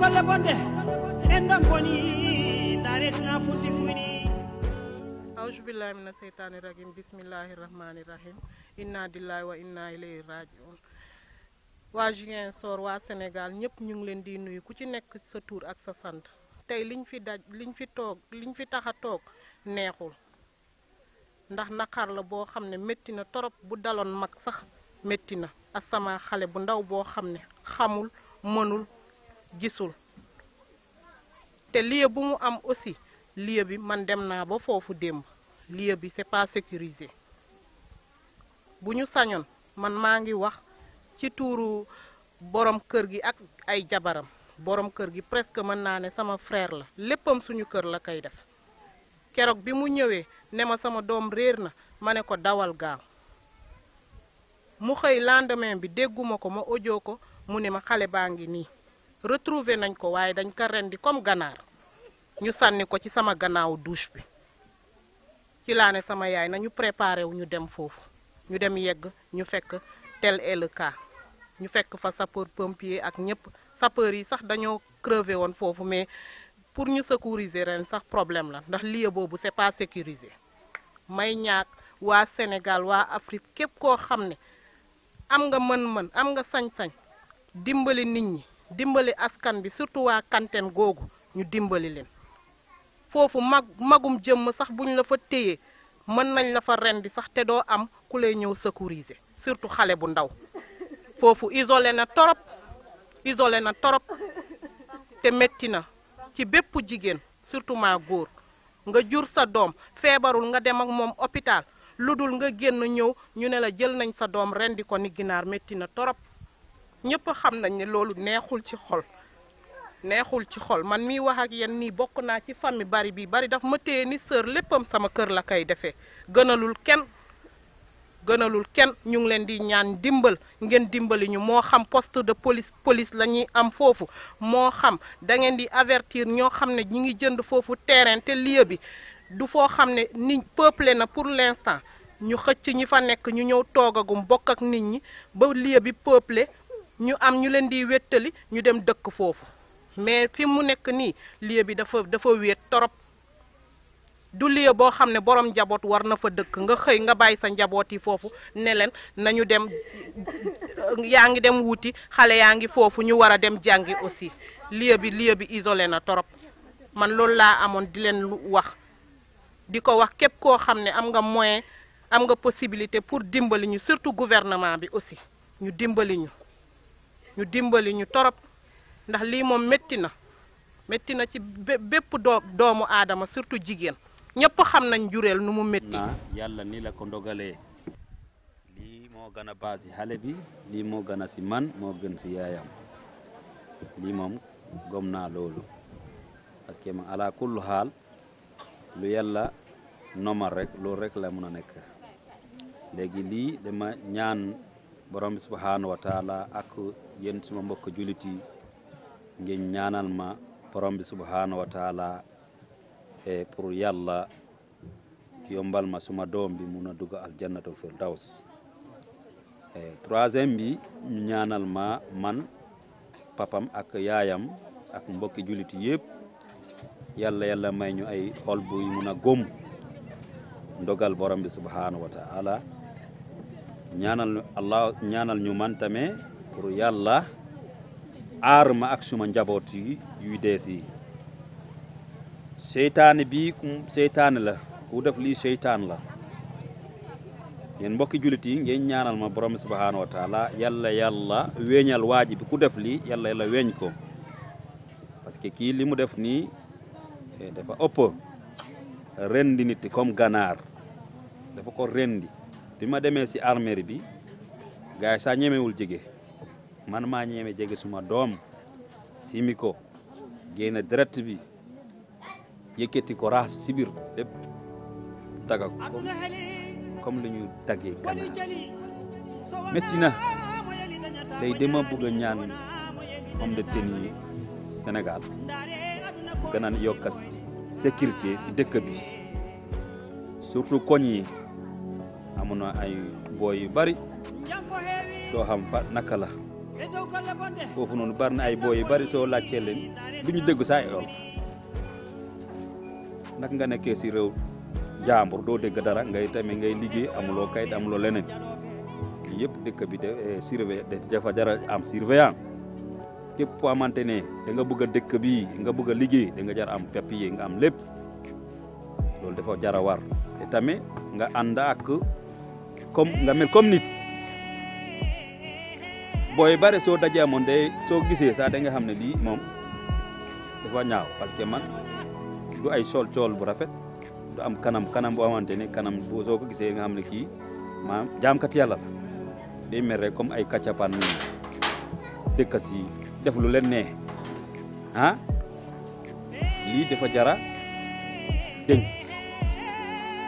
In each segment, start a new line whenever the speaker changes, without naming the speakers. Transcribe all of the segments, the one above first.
golle bonde en ɗon boni daretuna fuɗɗi fuyni ausubillahi mina seytani rajim inna dillahi wa inna ilayhi rajiun waa Ziguinchor waa Sénégal ñëpp ñu ngi leen di nuyu ku ci nekk sa tuur ak sa sant tey liñ fi daj liñ fi toog liñ fi tax a toog neexul ndax naqar la boo xam ne metti na torop bu daloon mag sax metti na ak sama xale bu ndaw boo xam ne xamul mënul gisul te lieu bu mu am aussi lieu bi man dem naa ba foofu démb lieu bi c'est pas sécurisé bu ñu sañoon man maa ngi wax ci tuuru borom kër gi ak ay jabaram boroom kër gi presque mën naa ne sama frère la léppam suñu kër la koy def keroog bi mu ñëwee ne ma sama doom réer na ma ne ko dawal gaaw mu xëy lendemain bi dégguma ko ma ojoo ko mu ne ma xale baa ngi nii retrouver nañ ko waaye dañ ko rendi comme ganaar ñu sànni ko ci sama gannaaw douche bi ci laa ne sama yaay nañu préparer wu ñu dem foofu ñu dem yegg ñu fekk tel est le cas ñu fekk fa sapeur pompier ak ñëpp sapeur yi sax dañoo crever woon foofu mais pour ñu sécuriser ren sax problème la ndax lieu boobu c'est pas sécurisé may ñaak waa Sénégal waa Afrique képp koo xam ne am nga mën-mën am nga sañ-sañ dimbali nit ñi dimbali askan bi surtout waa kanten googu ñu dimbali leen foofu mag magum jëmm sax bu ñu la fa téyee mën nañ la fa rendi sax te doo am ku lay ñëw sécuriser surtout xale bu ndaw foofu isole na torop isole na torop te métti na ci bépp jigéen surtout maa góor nga jur sa doom feebarul nga dem ak moom hôpital lu dul nga génn ñëw ñu ne la jël nañ sa doom rendi ko ni ginaar métti na torop ñëpp xam nañ ne loolu neexul ci xol neexul ci xol man mi wax ak yéen nii bokk naa ci famille bari bi bari dafa ma téye ni sœur léppam sama kër la koy defee gënalul kenn gënalul kenn ñu ngi leen di ñaan dimbal ngeen dimbali ñu moo xam poste de police police la ñuy am foofu moo xam da ngeen di avertir ñoo xam ne ñu ngi jënd foofu terrain te lieu bi du foo xam ne ni peuplé na pour l'instant ñu xëcc ñi fa nekk ñu ñëw toogagum bokk ak nit ñi ba lieu bi peuplé ñu am ñu leen di wéttali ñu dem dëkk foofu mais fi mu nekk nii lieu bi dafa dafa wéet torop du lieu boo xam ne borom njaboot war na fa dëkk nga xëy nga bàyyi sa njaboot yi foofu ne leen nañu dem yaa ngi dem wuti xale yaa ngi foofu ñu war a dem jàngi aussi lieu bi lieu bi isolé na torop man loolu laa amoon di leen wax di ko wax képp koo xam ne am nga moyen am nga possibilité pour dimbali ñu surtout gouvernement bi aussi ñu dimbali ñu ñu dimbali ñu torop ndax lii moom metti na metti na ci bépp doomu aadama surtout jigéen ñépp xam nañ
jureel nu mu métti yàlla ni la ko ndogalee lii moo gën a baax xale bi lii moo gën a si man moo gën si yaayam lii moom gom naa loolu parce que ma ala kullu xaal lu yàlla nomal rek loolu rekk la mun a nekk léegi lii dama ñaan borom bi subhanahu wa yéen suma mbokk jullit yi ngeen ñaanal ma borom bi subhaanahu wa taala e yàlla yombal ma suma doom bi mun a dugg aljannatul firdaws e troisième bi ñu ñaanal ma man papam ak yaayam ak mbokk jullit yëpp yàlla yàlla may ñu ay xol buy mun a góom ndogal borom bi subhaanahu wa ñaanal allah ñaanal ñu man tamit pour yalla aar ma ak suma njaboot yi yuy setan yi bi bii ku seytaane la ku def li setan la yen mbokk juliti ngeen ñaanal ma borom subhanahu wa taala yalla yalla weñal waaji bi ku def li yalla yalla weñ ko parce que ki limu def ni eh, dafa rendi nit comme ganaar dafa ko rendi bima démé ci armée bi gaay sa ñëméwul man ma ñeeme jege suma doom simiko, ko génn bi yëkëti ko raas ci bir lépp daga ko comme li ñu daggee day dama bëgg ñaan homme de tenue yi Sénégal ganaan yokkas sécurité si dëkk bi surtout koñ yi ay boy yu bari do xam fa nakala foofu non bari na ay boo yu bari soo laajtee leen du ñu dégg saa nak nag nga nekkee si réew jaambur doo dégg dara ngay tamit ngay liggéey amuloo kayit amuloo leneen lii yëpp bi de eh, surveille dafa jara am surveillant képp ku amante ne da nga bëgg a dëkk bi nga bëgg a da nga jar am papier nga am lépp loolu dafa jara war te tamit nga ànd ak comme nga mel comme nit booy bare soo dajee amoon day soo gisee sax da nga xam ne lii moom dafa ñaaw parce que man du ay sol cool bu rafet du am kanam kanam boo xamante ne kanam boo soo ko gisee nga xam ne kii maam jaamkat yàlla la day mel comme ay kàccapaan ni dëkk si def lu leen ne ah lii dafa jara deñ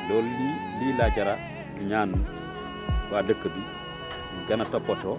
loolu lii lii laa jara ñaan waa dëkk bi gën a toppatoo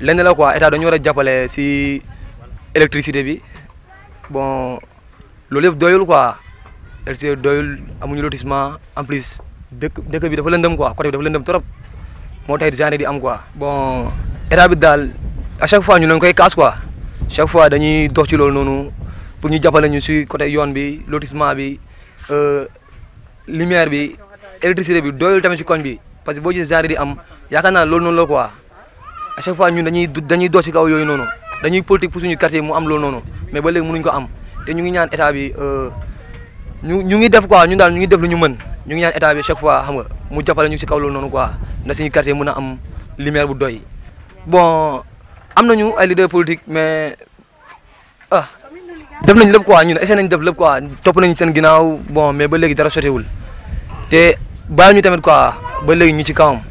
lenn la quoi état dañu war a jàppale si électricité bi bon loolu yëpp doyul quoi électricité doyul amuñu lotissement en plus dëkk dëkk bi dafa lëndëm quoi côté bi dafa lëndëm trop moo tax genre di am quoi. bon état bi daal à chaque fois ñu leen koy kaas quoi chaque fois dañuy dox ci noonu pour ñu jàppale ñu si côté yoon bi lotissement bi euh, lumière bi électricité bi doyul tamit si koñ bi parce que boo gisee genre di am yaakaar naa loolu noonu la quoi. à chaque fois ñun dañuy dañuy doo ci kaw yooyu noonu dañuy politique pour suñu quartier mu am loolu noonu mais ba léegi mënuñ ko am te ñu ngi ñaan état bi euh, ñu ñu ngi def quoi ñun daal ñu ngi def lu ñu mën ñu ngi ñaan état bi chaque fois xam nga mu jàppale ñu ci kaw loolu noonu quoi na suñu quartier mën a am lumière bu doy bon am nañu ay leader politique mais ah def nañ lépp quoi ñun essayé nañ def lépp quoi topp nañ seen ginnaaw bon mais ba léegi dara sotewul te bàyyi ñu tamit quoi ba léegi ñu ci kawam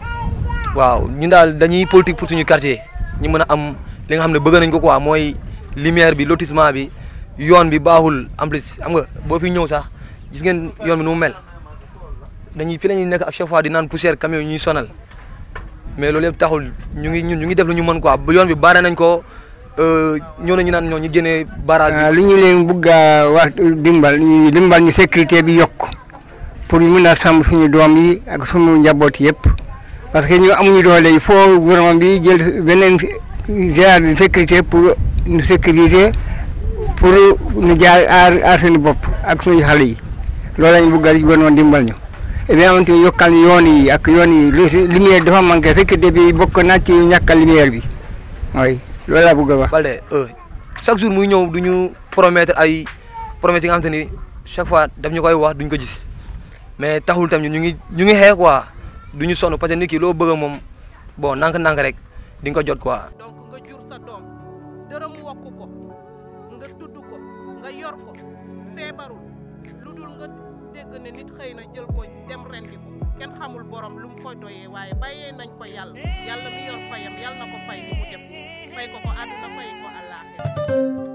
waaw ñu daal dañuy politique pour suñu quartier ñu mën a am li nga xam ne bëgg nañ ko quoi mooy lumière bi lotissement bi yoon bi baaxul en plus am nga boo fi ñëw sax gis ngeen yoon bi nu mu mel dañuy fi nekk à chaque fois di naan poussière camion yi ñuy sonal mais loolu yëpp taxul ñu ngi ñun ñu ngi def lu ñu mën quoi yoon bi baare nañ ko euh, ñoo nañu naan ñoo ñu génnee barrage. Ah, li ñu leen bëgg a wax dimbal ñu dimbal ñu sécurité bi yokk pour ñu mën a sàmm suñu doom yi ak suñu njaboot yëpp. parce que ñu amuñu doole il faut gouvernement bi jël beneen genre de sécurité pour ñu sécuriser pour ñu jaar aar aar seen bopp ak suñu xale yi loolu bugga bëgg a dimbal ñu. et bien yokkal yoon yi ak yoon yi lumière dafa manqué sécurité bi bokk na ci ñàkk lumière bi mooy loolu laa bëgg a wax. Balde euh, chaque jour mu ñëw du ñu promettre ay promesses yi nga ni chaque fois daf ñu koy wax duñ ko gis mais taxul tam ñu ngi ñu ngi xeex du ñu sonn parce que loo bëgg moom bon nank-nank rek di ko jot quoi. donc nga jur sa doom dërëm
wokku ko nga tudd ko nga yor ko feebarul lu dul nga dégg ne nit xëy na jël ko dem rendi ko kenn xamul borom lu mu ko doyee waaye bàyyee nañ ko yàlla yàlla mi yor fayam yàlla ko fay li mu def fay ko ko àdduna fay ko àllaaxira